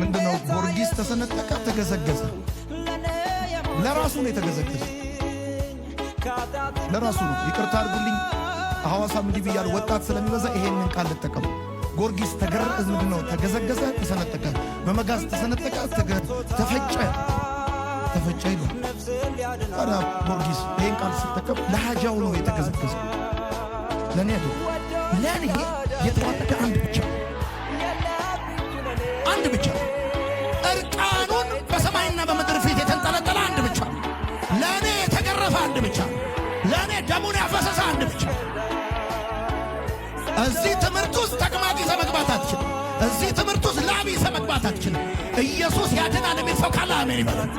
ምንድነው ጎርጊስ ተሰነጠቀ፣ ተገዘገዘ። ለራሱ ነው የተገዘገዘ፣ ለራሱ ነው። ይቅርታ አድርጉልኝ ሐዋሳ ምድብ እያሉ ወጣት ስለሚበዛ ይሄንን ቃል ልጠቀሙ። ጎርጊስ ተገረ ምንድነው ተገዘገዘ፣ ተሰነጠቀ፣ በመጋዝ ተሰነጠቀ፣ ተፈጨ፣ ተፈጨ ይሏል። ታዲያ ጎርጊስ ይህን ቃል ስጠቀም ለሀጃው ነው የተገዘገዘ፣ ለእኔ ለእኔ የተዋጠቀ አንድ ብቻ አንድ ብቻ እርቃኑን በሰማይና በምድር ፊት የተንጠለጠለ አንድ ብቻ ለእኔ የተገረፈ አንድ ብቻ ለእኔ ደሙን ያፈሰሰ አንድ ብቻ። እዚህ ትምህርት ውስጥ ተቅማጥ ይዘህ መግባት አትችልም። እዚህ ትምህርት ውስጥ ላብ ይዘህ መግባት አትችልም። ኢየሱስ ያድናል የሚል ሰው ካለ አሜን ይበላል።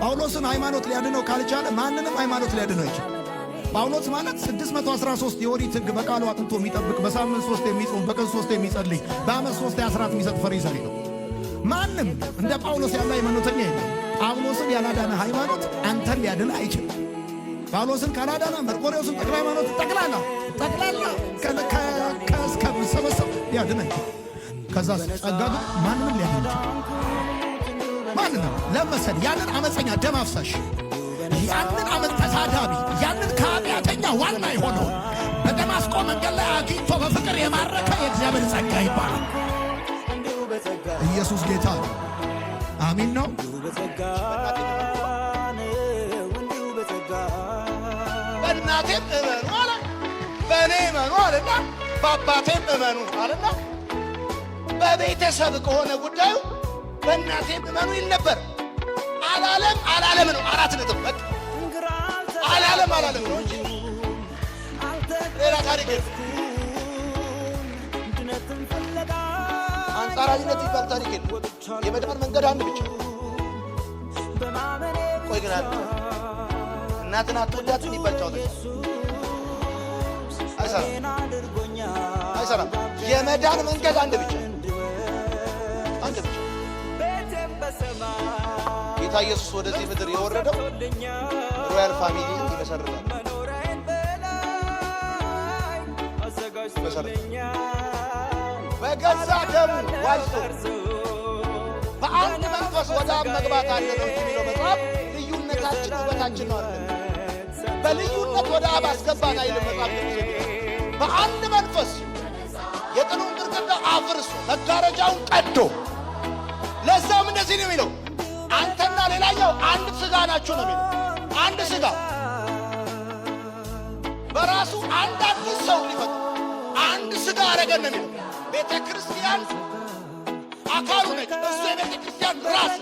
ጳውሎስን ሃይማኖት ሊያድነው ካልቻለ ማንንም ሃይማኖት ሊያድነው ይችላል። ጳውሎስ ማለት 613 የኦሪት ሕግ በቃሉ አጥንቶ የሚጠብቅ በሳምንት ሶስት የሚጾም በቀን ሶስት የሚጸልይ በዓመት ሶስት አስራት የሚሰጥ ፈሪሳዊ ነው። ማንም እንደ ጳውሎስ ያለ ሃይማኖተኛ የለም። ጳውሎስን ያላዳነ ሃይማኖት አንተን ሊያድን አይችልም። ጳውሎስን ካላዳነ መርቆሬዎስን ጠቅላ ሃይማኖት ጠቅላላ ጠቅላላ ከስከምሰበሰብ ሊያድን አይችል ከዛ ጸጋ ግን ማንም ሊያድን ይችላል። ማንም ለመሰል ያንን አመፀኛ ደም አፍሳሽ ያንን አመት ተሳዳቢ ያንን ከኃጢአተኛ ዋና የሆነውን በደማስቆ መንገድ ላይ አግኝቶ በፍቅር የማረከ የእግዚአብሔር ጸጋ ይባላል። ኢየሱስ ጌታ አሚን ነው። በእናቴም እመኑ አለ፣ በእኔ እመኑ አለና በአባቴም እመኑ አለና በቤተሰብ ከሆነ ጉዳዩ በእናቴም እመኑ ይል ነበር። አላለም አላለም ነው። አራት ነጥብ በቃ አላለም አላለም ነው እንጂ ሌላ ታሪክ አንጻራዊነት ይባል ታሪክ የለም። የመዳን መንገድ አንድ ብቻ። ቆይ ግን አለ እናትን አትወዳትም ይባል ጫወታ አይሰራም፣ አይሰራም። የመዳን መንገድ አንድ ብቻ፣ አንድ ብቻ በሰማይ ጌታ ኢየሱስ ወደዚህ ምድር የወረደው ሮያል ፋሚሊ ይመሰርታል በገዛ ደሙ ዋጅቶ በአንድ መንፈስ ወደ አብ መግባት አለ ነው የሚለው መጽሐፍ። ልዩነታችን ውበታችን ነው አለ። በልዩነት ወደ አብ አስገባን አይልም መጽሐፍ ቅዱስ። በአንድ መንፈስ የጥሉን ግድግዳ አፍርሶ መጋረጃውን ቀዶ ለዛም እንደዚህ ነው የሚለው አንተና ሌላኛው አንድ ስጋ ናችሁ ነው የሚለው። አንድ ስጋ በራሱ አንድ አዲስ ሰው ሊፈጥ አንድ ስጋ አረገን ነው የሚለው። ቤተ ክርስቲያን አካሉ ነች። እሱ የቤተ ክርስቲያን ራስ፣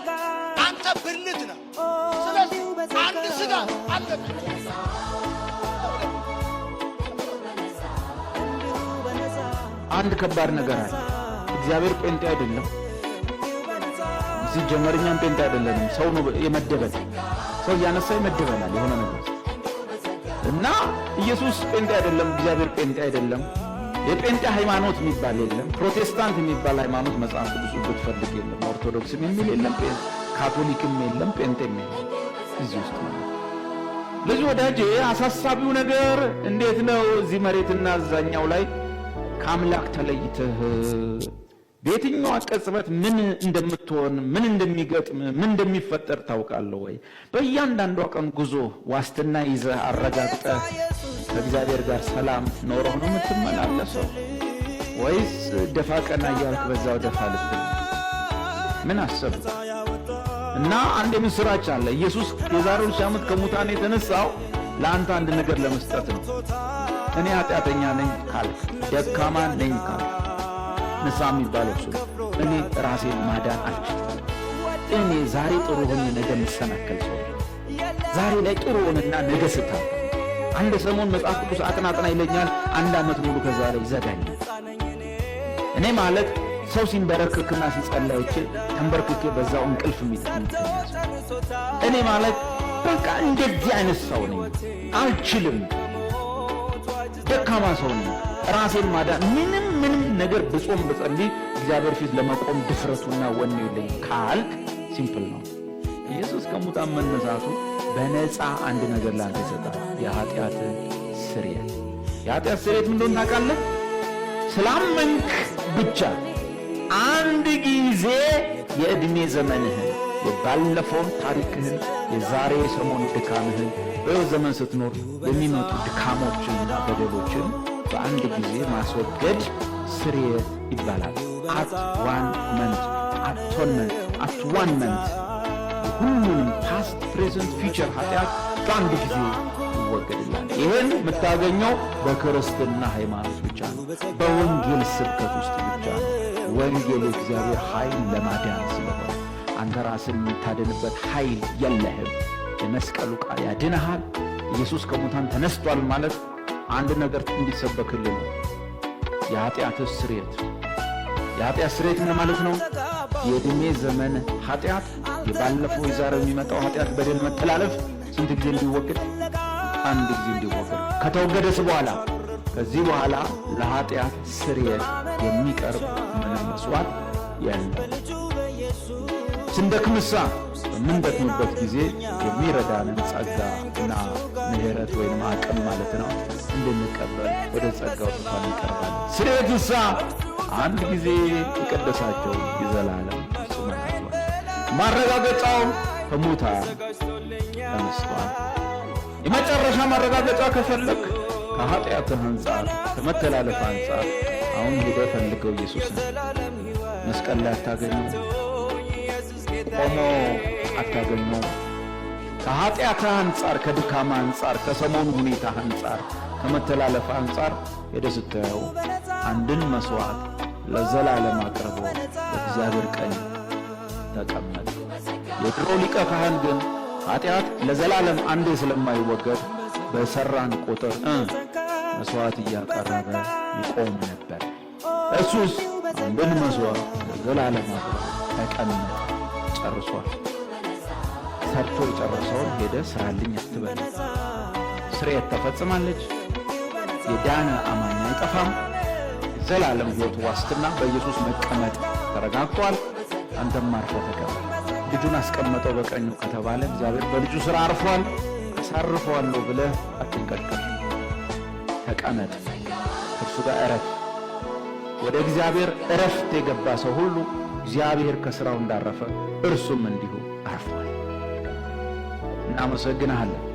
አንተ ብልት ነው። ስለዚህ አንድ ስጋ አለቀ። አንድ ከባድ ነገር አለ። እግዚአብሔር ጴንጤ አይደለም። ሲጀመር እኛም ጴንጤ አይደለንም። ሰው ነው የመደበን፣ ሰው እያነሳ ይመደበናል የሆነ ነገር እና ኢየሱስ ጴንጤ አይደለም፣ እግዚአብሔር ጴንጤ አይደለም። የጴንጤ ሃይማኖት የሚባል የለም። ፕሮቴስታንት የሚባል ሃይማኖት መጽሐፍ ቅዱስ ብትፈልግ የለም። ኦርቶዶክስም የሚል የለም፣ ካቶሊክም የለም፣ ጴንጤም የለም። እዚህ ውስጥ ልጅ ወዳጄ፣ አሳሳቢው ነገር እንዴት ነው እዚህ መሬትና እዛኛው ላይ ከአምላክ ተለይተህ በየትኛዋ ቅጽበት ምን እንደምትሆን ምን እንደሚገጥም ምን እንደሚፈጠር ታውቃለህ ወይ? በእያንዳንዷ ቀን ጉዞ ዋስትና ይዘህ አረጋግጠህ ከእግዚአብሔር ጋር ሰላም ኖረህ ነው የምትመላለሰው ወይስ ደፋ ቀና እያልክ በዛው ደፋ ልብ ምን አሰብ እና አንድ የምስራች አለ። ኢየሱስ የዛሬውን ሺህ ዓመት ከሙታን የተነሳው ለአንተ አንድ ነገር ለመስጠት ነው። እኔ ኃጢአተኛ ነኝ ካልክ፣ ደካማ ነኝ ካልክ ንሳ የሚባለው ሰው እኔ ራሴን ማዳን አልችል። እኔ ዛሬ ጥሩ ሆኜ ነገ የምሰናከል ሰው፣ ዛሬ ላይ ጥሩ ሆነና ነገ ስታ አንድ ሰሞን መጽሐፍ ቅዱስ አጥና አጥና ይለኛል። አንድ ዓመት ሙሉ ከዛ ላይ ይዘጋኛል። እኔ ማለት ሰው ሲንበረክክና ሲጸላይቼ ተንበርክኬ በዛው እንቅልፍ የሚጠቅም እኔ ማለት በቃ እንደዚህ አይነት ሰው ነኝ። አልችልም፣ ደካማ ሰው ነኝ። ራሴን ማዳ ምንም ምንም ነገር ብጾም ብጸልይ እግዚአብሔር ፊት ለመቆም ድፍረቱና ወኔ የለኝ ካልክ ሲምፕል ነው። ኢየሱስ ከሙታን መነሳቱ በነፃ አንድ ነገር ላንተ ይሰጣል፣ የኃጢአት ስርየት። የኃጢአት ስርየት ምንድን ታውቃለህ? ስላመንክ ብቻ አንድ ጊዜ የዕድሜ ዘመንህን የባለፈውን ታሪክህን የዛሬ ሰሞን ድካምህን በሕይወት ዘመን ስትኖር የሚመጡ ድካሞችንና በደሎችን በአንድ ጊዜ ማስወገድ ስሬ ይባላል። አት ዋን መንት፣ አቶንመንት፣ አት ዋን መንት ሁሉንም ፓስት፣ ፕሬዘንት፣ ፊውቸር ኃጢአት በአንድ ጊዜ ይወገድላል። ይህን የምታገኘው በክርስትና ሃይማኖት ብቻ ነው፣ በወንጌል ስብከት ውስጥ ብቻ ነው። ወንጌል የእግዚአብሔር ኃይል ለማዳን ስለሆነ አንተ ራስን የምታድንበት ኃይል የለህም። የመስቀሉ ቃል ያድንሃል። ኢየሱስ ከሙታን ተነስቷል ማለት አንድ ነገር እንዲሰበክልን የኃጢአት ስርየት የኃጢአት ስርየት ምን ማለት ነው? የእድሜ ዘመን ኃጢአት የባለፈው የዛሬው የሚመጣው ኃጢአት በደል መተላለፍ ስንት ጊዜ እንዲወገድ? አንድ ጊዜ እንዲወገድ። ከተወገደስ በኋላ ከዚህ በኋላ ለኃጢአት ስርየት የሚቀርብ ምንም መስዋዕት የለም። ስንደክምሳ በምንደክምበት ጊዜ የሚረዳንን ጸጋ እና ምሕረት ወይም አቅም ማለት ነው እንድንቀበል ወደ ጸጋው ዙፋን እንቀርባለን። ስርየቱሳ አንድ ጊዜ የቀደሳቸው የዘላለም ማረጋገጫው ከሙታን ተነስቷል። የመጨረሻ ማረጋገጫ ከፈለግ ከኃጢአትህ አንጻር ከመተላለፍ አንጻር አሁን ሄደ ፈልገው ኢየሱስ መስቀል ላይ አታገኘው፣ ቆሞ አታገኘው። ከኃጢአትህ አንጻር ከድካማ አንጻር ከሰሞኑ ሁኔታ አንጻር ከመተላለፍ አንጻር የደስታው አንድን መስዋዕት ለዘላለም አቅርቦ በእግዚአብሔር ቀኝ ተቀመጠ። የድሮ ሊቀ ካህን ግን ኃጢአት ለዘላለም አንዴ ስለማይወገድ በሰራን ቁጥር መስዋዕት እያቀረበ ይቆም ነበር። እሱስ አንድን መስዋዕት ለዘላለም አቅርቦ ተቀመጠ፣ ጨርሷል። ሰርቶ የጨረሰውን ሄደ ሥራልኝ አትበል። ስርየት ተፈጽማለች። የዳነ አማኝ አይጠፋም። ዘላለም ሕይወት ዋስትና በኢየሱስ መቀመጥ ተረጋግጧል። አንተም አርፎ ተቀመጥ። ልጁን አስቀመጠው በቀኙ ከተባለ እግዚአብሔር በልጁ ሥራ አርፏል። አሳርፈዋለሁ ብለህ አትንቀጥቀጥ፣ ተቀመጥ። እርሱ ጋር እረፍ። ወደ እግዚአብሔር እረፍት የገባ ሰው ሁሉ እግዚአብሔር ከሥራው እንዳረፈ እርሱም እንዲሁ አርፏል። እናመሰግንሃለን።